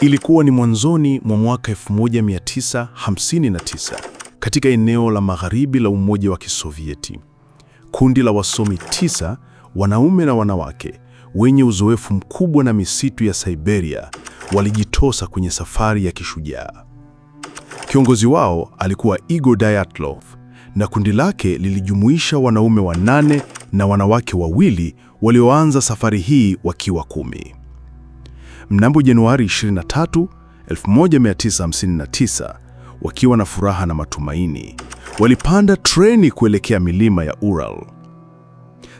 Ilikuwa ni mwanzoni mwa mwaka 1959 katika eneo la magharibi la Umoja wa Kisovieti. Kundi la wasomi tisa, wanaume na wanawake, wenye uzoefu mkubwa na misitu ya Siberia walijitosa kwenye safari ya kishujaa. Kiongozi wao alikuwa Igor Dyatlov na kundi lake lilijumuisha wanaume wanane na wanawake wawili walioanza safari hii wakiwa kumi mnamo Januari 23, 1959 wakiwa na furaha na matumaini, walipanda treni kuelekea milima ya Ural.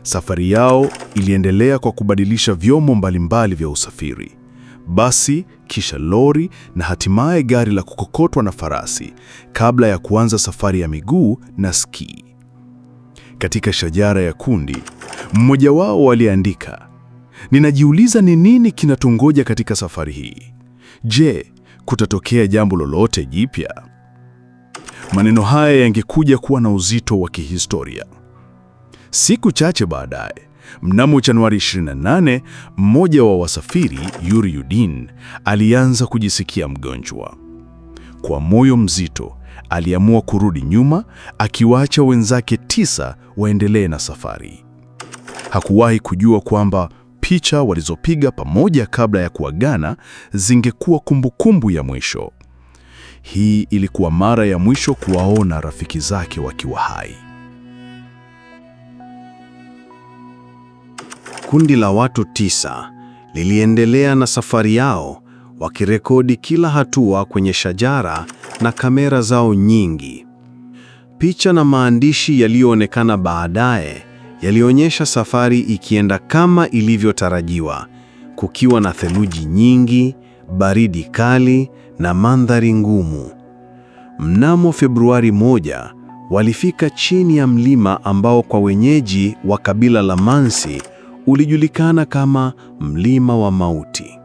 Safari yao iliendelea kwa kubadilisha vyombo mbalimbali vya usafiri: basi, kisha lori na hatimaye gari la kukokotwa na farasi, kabla ya kuanza safari ya miguu na ski. Katika shajara ya kundi, mmoja wao aliandika Ninajiuliza ni nini kinatungoja katika safari hii. Je, kutatokea jambo lolote jipya? Maneno haya yangekuja kuwa na uzito wa kihistoria. Siku chache baadaye, mnamo Januari 28, mmoja wa wasafiri, Yuri Yudin, alianza kujisikia mgonjwa. Kwa moyo mzito, aliamua kurudi nyuma, akiwaacha wenzake tisa waendelee na safari. Hakuwahi kujua kwamba picha walizopiga pamoja kabla ya kuagana zingekuwa kumbukumbu ya mwisho. Hii ilikuwa mara ya mwisho kuwaona rafiki zake wakiwa hai. Kundi la watu tisa liliendelea na safari yao wakirekodi kila hatua kwenye shajara na kamera zao nyingi. Picha na maandishi yaliyoonekana baadaye yalionyesha safari ikienda kama ilivyotarajiwa, kukiwa na theluji nyingi, baridi kali na mandhari ngumu. Mnamo Februari moja, walifika chini ya mlima ambao kwa wenyeji wa kabila la Mansi ulijulikana kama Mlima wa Mauti.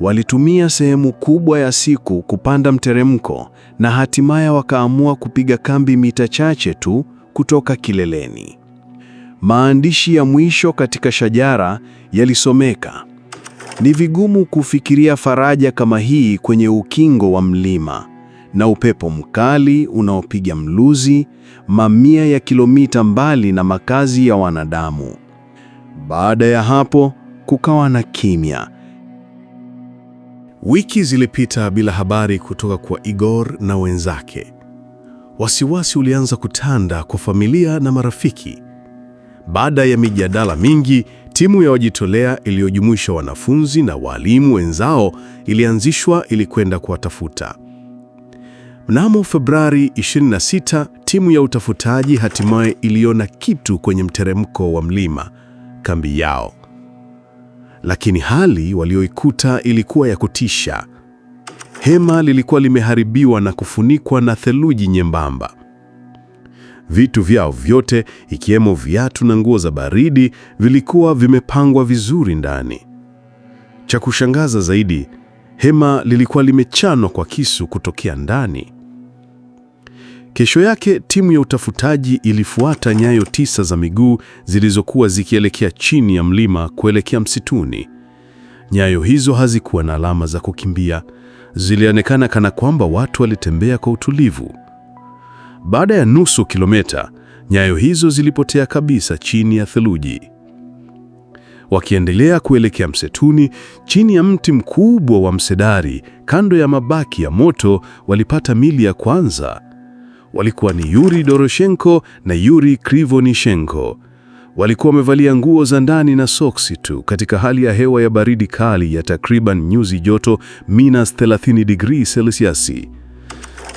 Walitumia sehemu kubwa ya siku kupanda mteremko na hatimaye wakaamua kupiga kambi mita chache tu kutoka kileleni maandishi ya mwisho katika shajara yalisomeka: ni vigumu kufikiria faraja kama hii kwenye ukingo wa mlima na upepo mkali unaopiga mluzi mamia ya kilomita mbali na makazi ya wanadamu. Baada ya hapo kukawa na kimya. Wiki zilipita bila habari kutoka kwa Igor na wenzake. Wasiwasi ulianza kutanda kwa familia na marafiki. Baada ya mijadala mingi, timu ya wajitolea iliyojumuisha wanafunzi na walimu wenzao ilianzishwa ili kwenda kuwatafuta. Mnamo Februari 26, timu ya utafutaji hatimaye iliona kitu kwenye mteremko wa mlima, kambi yao. Lakini hali walioikuta ilikuwa ya kutisha. Hema lilikuwa limeharibiwa na kufunikwa na theluji nyembamba. Vitu vyao vyote ikiwemo viatu na nguo za baridi vilikuwa vimepangwa vizuri ndani. Cha kushangaza zaidi, hema lilikuwa limechanwa kwa kisu kutokea ndani. Kesho yake timu ya utafutaji ilifuata nyayo tisa za miguu zilizokuwa zikielekea chini ya mlima kuelekea msituni. Nyayo hizo hazikuwa na alama za kukimbia, zilionekana kana kwamba watu walitembea kwa utulivu. Baada ya nusu kilomita, nyayo hizo zilipotea kabisa chini ya theluji. Wakiendelea kuelekea msituni, chini ya mti mkubwa wa msedari, kando ya mabaki ya moto, walipata mili ya kwanza. Walikuwa ni Yuri Doroshenko na Yuri Krivonishenko. Walikuwa wamevalia nguo za ndani na soksi tu katika hali ya hewa ya baridi kali ya takriban nyuzi joto minus 30 degrees Celsius.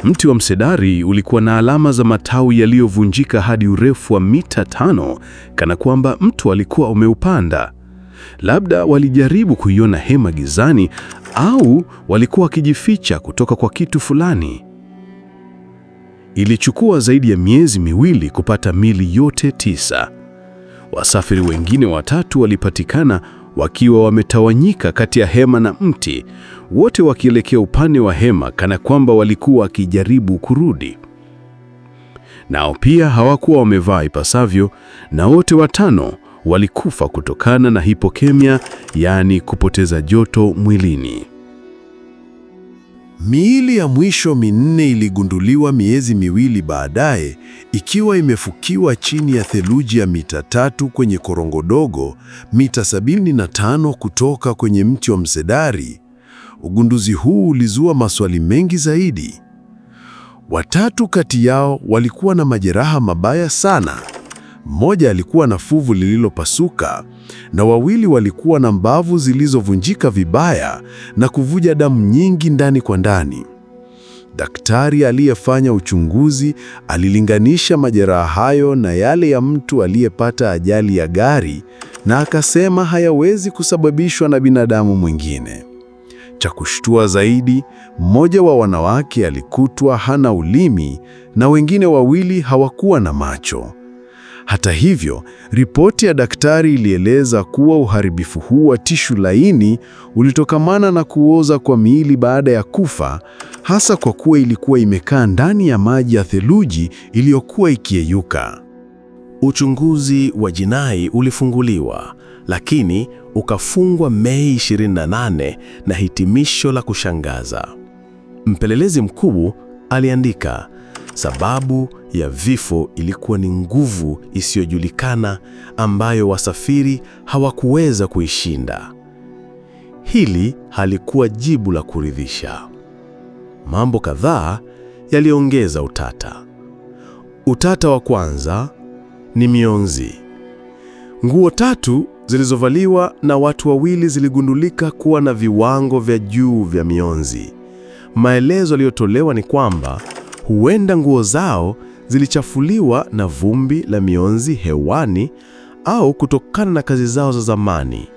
Mti wa msedari ulikuwa na alama za matawi yaliyovunjika hadi urefu wa mita tano, kana kwamba mtu alikuwa umeupanda. Labda walijaribu kuiona hema gizani au walikuwa wakijificha kutoka kwa kitu fulani. Ilichukua zaidi ya miezi miwili kupata mili yote tisa. Wasafiri wengine watatu walipatikana wakiwa wametawanyika kati ya hema na mti, wote wakielekea upande wa hema, kana kwamba walikuwa wakijaribu kurudi. Nao pia hawakuwa wamevaa ipasavyo, na wote watano walikufa kutokana na hipokemia, yaani kupoteza joto mwilini. Miili ya mwisho minne iligunduliwa miezi miwili baadaye ikiwa imefukiwa chini ya theluji ya mita tatu kwenye korongo dogo, mita 75 kutoka kwenye mti wa msedari. Ugunduzi huu ulizua maswali mengi zaidi. Watatu kati yao walikuwa na majeraha mabaya sana. Mmoja alikuwa na fuvu lililopasuka, na wawili walikuwa na mbavu zilizovunjika vibaya na kuvuja damu nyingi ndani kwa ndani. Daktari aliyefanya uchunguzi alilinganisha majeraha hayo na yale ya mtu aliyepata ajali ya gari na akasema hayawezi kusababishwa na binadamu mwingine. Cha kushtua zaidi, mmoja wa wanawake alikutwa hana ulimi na wengine wawili hawakuwa na macho. Hata hivyo, ripoti ya daktari ilieleza kuwa uharibifu huu wa tishu laini ulitokamana na kuoza kwa miili baada ya kufa, hasa kwa kuwa ilikuwa imekaa ndani ya maji ya theluji iliyokuwa ikiyeyuka. Uchunguzi wa jinai ulifunguliwa, lakini ukafungwa Mei 28 na hitimisho la kushangaza. Mpelelezi mkuu aliandika, sababu ya vifo ilikuwa ni nguvu isiyojulikana ambayo wasafiri hawakuweza kuishinda. Hili halikuwa jibu la kuridhisha. Mambo kadhaa yaliongeza utata. Utata wa kwanza ni mionzi. Nguo tatu zilizovaliwa na watu wawili ziligundulika kuwa na viwango vya juu vya mionzi. Maelezo yaliyotolewa ni kwamba huenda nguo zao zilichafuliwa na vumbi la mionzi hewani au kutokana na kazi zao za zamani.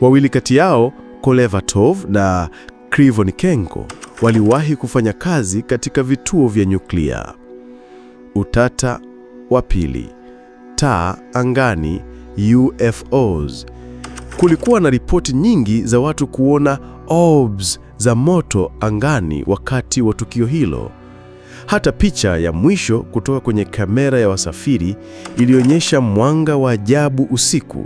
Wawili kati yao, Kolevatov na Krivonikenko, waliwahi kufanya kazi katika vituo vya nyuklia. Utata wa pili: taa angani, UFOs. Kulikuwa na ripoti nyingi za watu kuona orbs za moto angani wakati wa tukio hilo. Hata picha ya mwisho kutoka kwenye kamera ya wasafiri ilionyesha mwanga wa ajabu usiku.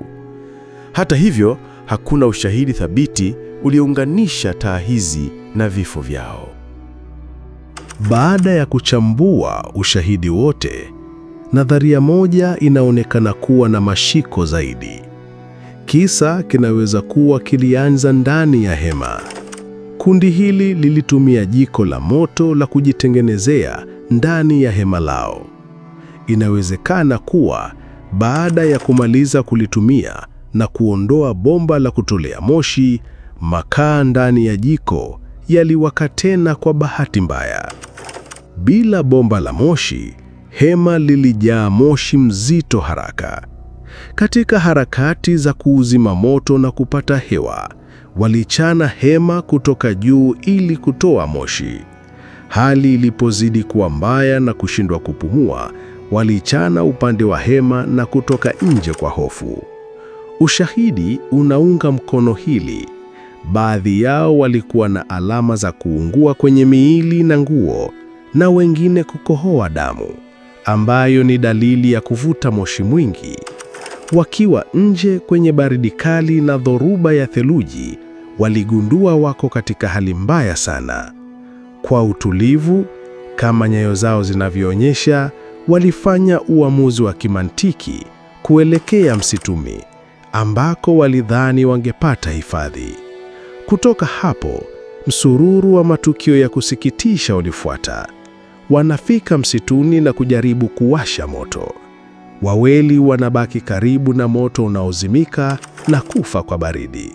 Hata hivyo, hakuna ushahidi thabiti uliounganisha taa hizi na vifo vyao. Baada ya kuchambua ushahidi wote, nadharia moja inaonekana kuwa na mashiko zaidi. Kisa kinaweza kuwa kilianza ndani ya hema. Kundi hili lilitumia jiko la moto la kujitengenezea ndani ya hema lao. Inawezekana kuwa baada ya kumaliza kulitumia na kuondoa bomba la kutolea moshi, makaa ndani ya jiko yaliwaka tena kwa bahati mbaya. Bila bomba la moshi, hema lilijaa moshi mzito haraka. Katika harakati za kuuzima moto na kupata hewa, walichana hema kutoka juu ili kutoa moshi. Hali ilipozidi kuwa mbaya na kushindwa kupumua, walichana upande wa hema na kutoka nje kwa hofu. Ushahidi unaunga mkono hili. Baadhi yao walikuwa na alama za kuungua kwenye miili na nguo, na wengine kukohoa damu, ambayo ni dalili ya kuvuta moshi mwingi. Wakiwa nje kwenye baridi kali na dhoruba ya theluji, waligundua wako katika hali mbaya sana. Kwa utulivu, kama nyayo zao zinavyoonyesha, walifanya uamuzi wa kimantiki kuelekea msituni ambako walidhani wangepata hifadhi. Kutoka hapo, msururu wa matukio ya kusikitisha ulifuata. Wanafika msituni na kujaribu kuwasha moto. Waweli wanabaki karibu na moto unaozimika na kufa kwa baridi.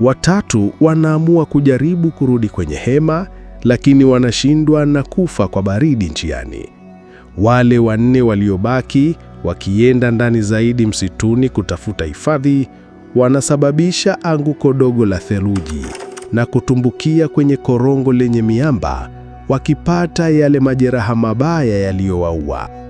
Watatu wanaamua kujaribu kurudi kwenye hema, lakini wanashindwa na kufa kwa baridi njiani. Wale wanne waliobaki wakienda ndani zaidi msituni kutafuta hifadhi, wanasababisha anguko dogo la theluji na kutumbukia kwenye korongo lenye miamba, wakipata yale majeraha mabaya yaliyowaua.